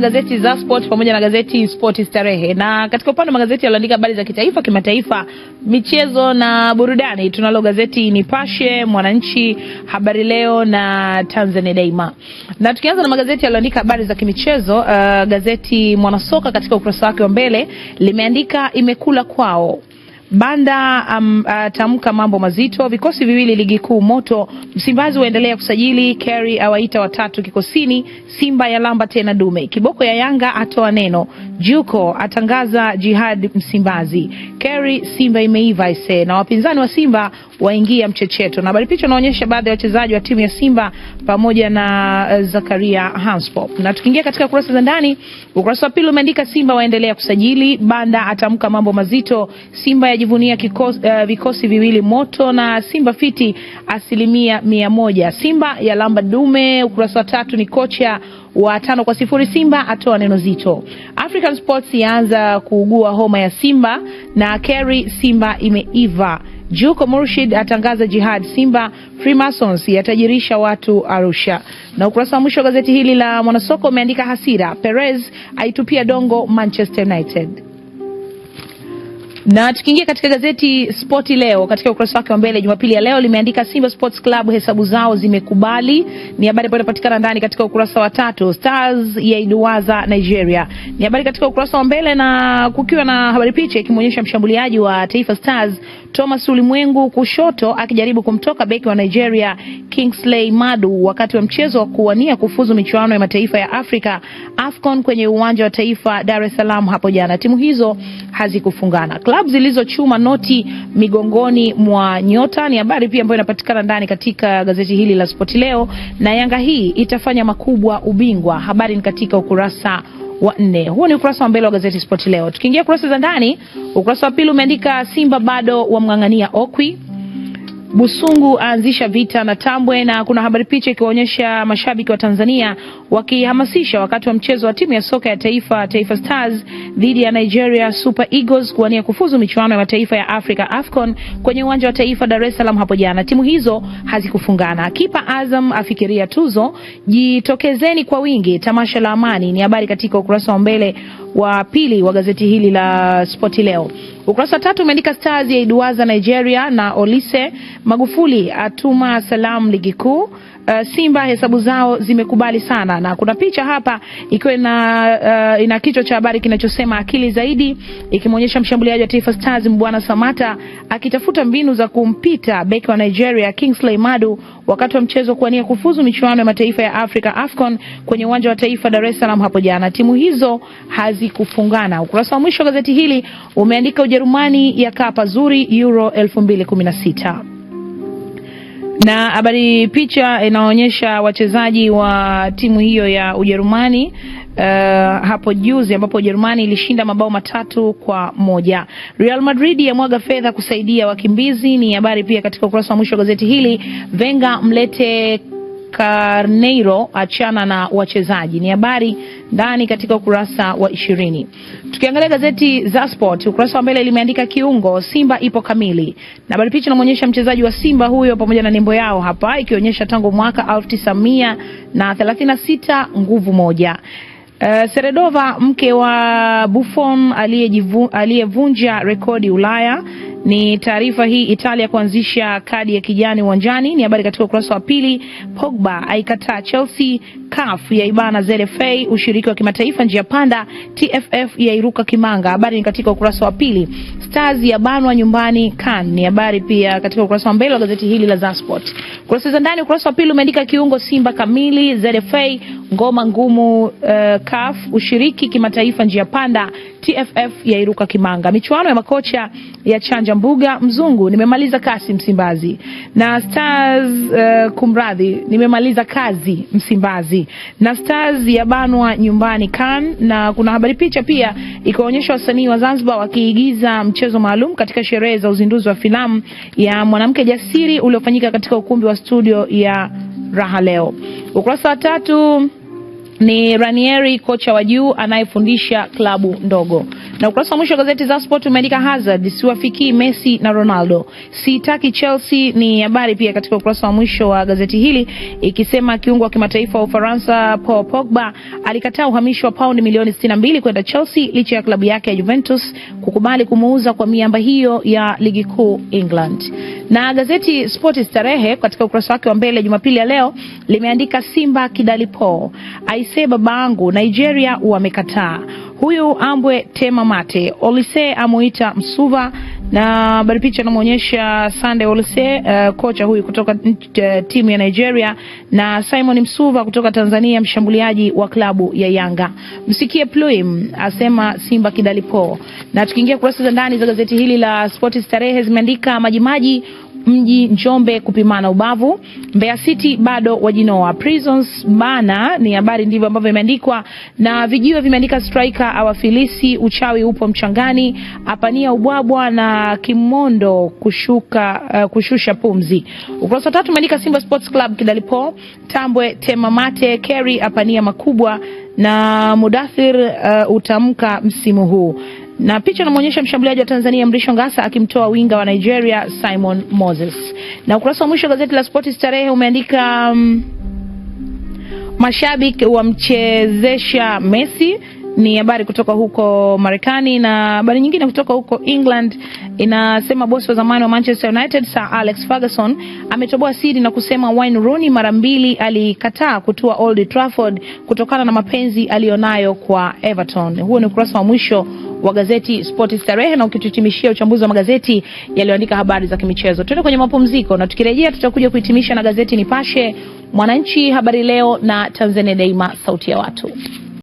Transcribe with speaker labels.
Speaker 1: Gazeti za sport pamoja na gazeti Sport Starehe. Na katika upande wa magazeti yaliyoandika habari za kitaifa, kimataifa, michezo na burudani, tunalo gazeti Nipashe, Mwananchi, Habari Leo na Tanzania Daima. Na tukianza na magazeti yaliyoandika habari za kimichezo, uh, gazeti Mwanasoka katika ukurasa wake wa mbele limeandika imekula kwao Banda atamka um, uh, mambo mazito. Vikosi viwili ligi kuu moto. Msimbazi waendelea kusajili. Kerry awaita watatu kikosini. Simba ya lamba tena dume. Kiboko ya Yanga atoa neno. Juko atangaza jihad Msimbazi. Kerry, Simba imeiva ise na wapinzani wa Simba waingia mchecheto, na habari picha inaonyesha baadhi ya wachezaji wa timu ya Simba pamoja na eh, Zakaria Hanspo. Na tukiingia katika kurasa za ndani, ukurasa wa pili umeandika Simba waendelea kusajili, Banda atamka mambo mazito, Simba yajivunia uh, vikosi viwili moto na Simba fiti asilimia mia moja, Simba ya lamba dume. Ukurasa wa tatu ni kocha wa tano kwa sifuri Simba atoa neno zito. African Sports yaanza kuugua homa ya Simba na Kerry, Simba imeiva. Juko Murshid atangaza jihad Simba. Freemasons yatajirisha watu Arusha. Na ukurasa wa mwisho wa gazeti hili la Mwanasoko umeandika hasira, Perez aitupia dongo Manchester United. Na tukiingia katika gazeti Spoti Leo, katika ukurasa wake wa mbele Jumapili ya leo limeandika Simba Sports Club hesabu zao zimekubali, ni habari ambayo inapatikana ndani katika ukurasa wa tatu. Stars ya Iduaza Nigeria ni habari katika ukurasa wa mbele, na kukiwa na habari picha ikimwonyesha mshambuliaji wa Taifa Stars Thomas Ulimwengu kushoto akijaribu kumtoka beki wa Nigeria Kingsley Madu wakati wa mchezo wa kuwania kufuzu michuano ya mataifa ya Afrika AFCON kwenye uwanja wa taifa Dar es Salaam hapo jana. Timu hizo hazikufungana. Klabu zilizochuma noti migongoni mwa nyota ni habari pia ambayo inapatikana ndani katika gazeti hili la Spoti Leo, na Yanga hii itafanya makubwa ubingwa. Habari ni katika ukurasa wa nne. Huu ni ukurasa wa mbele wa gazeti Sport Leo. Tukiingia kurasa za ndani, ukurasa wa pili umeandika Simba bado wamng'ang'ania Okwi Busungu aanzisha vita na Tambwe, na kuna habari picha ikiwaonyesha mashabiki wa Tanzania wakihamasisha wakati wa mchezo wa timu ya soka ya taifa Taifa Stars dhidi ya Nigeria Super Eagles kuwania kufuzu michuano ya mataifa ya Afrika AFCON kwenye uwanja wa taifa Dar es Salaam hapo jana. Timu hizo hazikufungana. Kipa Azam afikiria tuzo. Jitokezeni kwa wingi, tamasha la amani ni habari katika ukurasa wa mbele wa pili wa gazeti hili la Spoti Leo. Ukurasa wa tatu umeandika Stars ya iduaza Nigeria na Olise Magufuli atuma salamu ligi kuu uh, Simba hesabu zao zimekubali sana, na kuna picha hapa ikiwa ina, uh, ina kichwa cha habari kinachosema akili zaidi, ikimwonyesha mshambuliaji wa Taifa Stars Mbwana Samata akitafuta mbinu za kumpita beki wa Nigeria Kingsley Madu wakati wa mchezo kuwania kufuzu michuano ya mataifa ya Afrika AFCON kwenye uwanja wa taifa Dar es Salaam hapo jana. Timu hizo hazikufungana. Ukurasa wa mwisho wa gazeti hili umeandika Ujerumani ya kaa pazuri Euro 2016. Na habari picha inaonyesha wachezaji wa timu hiyo ya Ujerumani uh, hapo juzi ambapo Ujerumani ilishinda mabao matatu kwa moja. Real Madrid yamwaga fedha kusaidia wakimbizi, ni habari pia katika ukurasa wa mwisho wa gazeti hili. Venga mlete Carneiro achana na wachezaji, ni habari ndani katika ukurasa wa ishirini. Tukiangalia gazeti za Sport ukurasa wa mbele limeandika kiungo Simba ipo kamili, na habari picha inaonyesha mchezaji wa Simba huyo pamoja na nembo yao hapa ikionyesha tangu mwaka 1936 na nguvu moja. Uh, Seredova mke wa Buffon aliyevunja rekodi Ulaya ni taarifa hii Italia kuanzisha kadi ya kijani uwanjani, ni habari katika ukurasa wa pili. Pogba aikataa Chelsea, CAF yaibana ZFA, ushiriki wa kimataifa njia panda, TFF yairuka kimanga. Habari ni katika ukurasa wa pili. Stars yabanwa nyumbani CAN, ni habari pia katika ukurasa wa mbele wa gazeti hili la Zansport. Kurasa za ndani, ukurasa wa pili umeandika kiungo Simba kamili, ZFA ngoma ngumu, uh, CAF ushiriki kimataifa njia panda TFF yairuka kimanga. Michuano ya makocha ya chanja mbuga mzungu, nimemaliza kasi Msimbazi na Stars uh, kumradhi, nimemaliza kazi Msimbazi na Stars ya banwa nyumbani kan, na kuna habari picha pia ikaonyesha wasanii wa Zanzibar wakiigiza mchezo maalum katika sherehe za uzinduzi wa filamu ya mwanamke jasiri uliofanyika katika ukumbi wa studio ya Raha leo. Ukurasa wa tatu ni Ranieri kocha wa juu anayefundisha klabu ndogo. Na ukurasa wa mwisho wa gazeti Zasport umeandika Hazard siwafikii Messi na Ronaldo, sitaki Chelsea, ni habari pia katika ukurasa wa mwisho wa gazeti hili ikisema kiungo wa kimataifa wa Ufaransa Paul Pogba alikataa uhamisho wa paundi milioni 62 kwenda Chelsea licha ya klabu yake ya Juventus kukubali kumuuza kwa miamba hiyo ya ligi kuu England. Na gazeti Spoti Starehe katika ukurasa wake wa mbele Jumapili ya leo limeandika Simba kidalipo aise, babaangu Nigeria wamekataa, huyu ambwe tema mate, Olise amuita msuva na habari picha inamwonyesha Sunday Olise uh, kocha huyu kutoka uh, timu ya Nigeria na Simon Msuva kutoka Tanzania, mshambuliaji wa klabu ya Yanga. Msikie Pluim asema Simba kidalipo. Na tukiingia kurasa za ndani za gazeti hili la Sporti Starehe zimeandika majimaji mji Njombe kupimana ubavu. Mbeya City bado wajinoa Prisons bana, ni habari ndivyo ambavyo imeandikwa na vijiwe vimeandika striker awafilisi uchawi upo mchangani, apania ubwabwa na kimondo kushuka, uh, kushusha pumzi. Ukurasa wa tatu umeandika Simba Sports Club kidalipo Tambwe tema mate Kerry apania makubwa na Mudathir uh, utamka msimu huu na picha inamwonyesha mshambuliaji wa Tanzania Mrisho Ngasa akimtoa winga wa Nigeria Simon Moses. Na ukurasa wa mwisho gazeti la Sporti Starehe umeandika um, mashabiki wamchezesha Messi ni habari kutoka huko Marekani na habari nyingine kutoka huko England inasema bosi wa zamani wa Manchester United Sir Alex Ferguson ametoboa siri na kusema Wayne Rooney mara mbili alikataa kutua Old Trafford kutokana na mapenzi aliyonayo kwa Everton. Huo ni ukurasa wa mwisho wa gazeti Spoti Starehe, na ukituhitimishia uchambuzi wa magazeti yaliyoandika habari za kimichezo. Tuende kwenye mapumziko, na tukirejea tutakuja kuhitimisha na gazeti Nipashe, Mwananchi, Habari Leo na Tanzania Daima, sauti ya watu.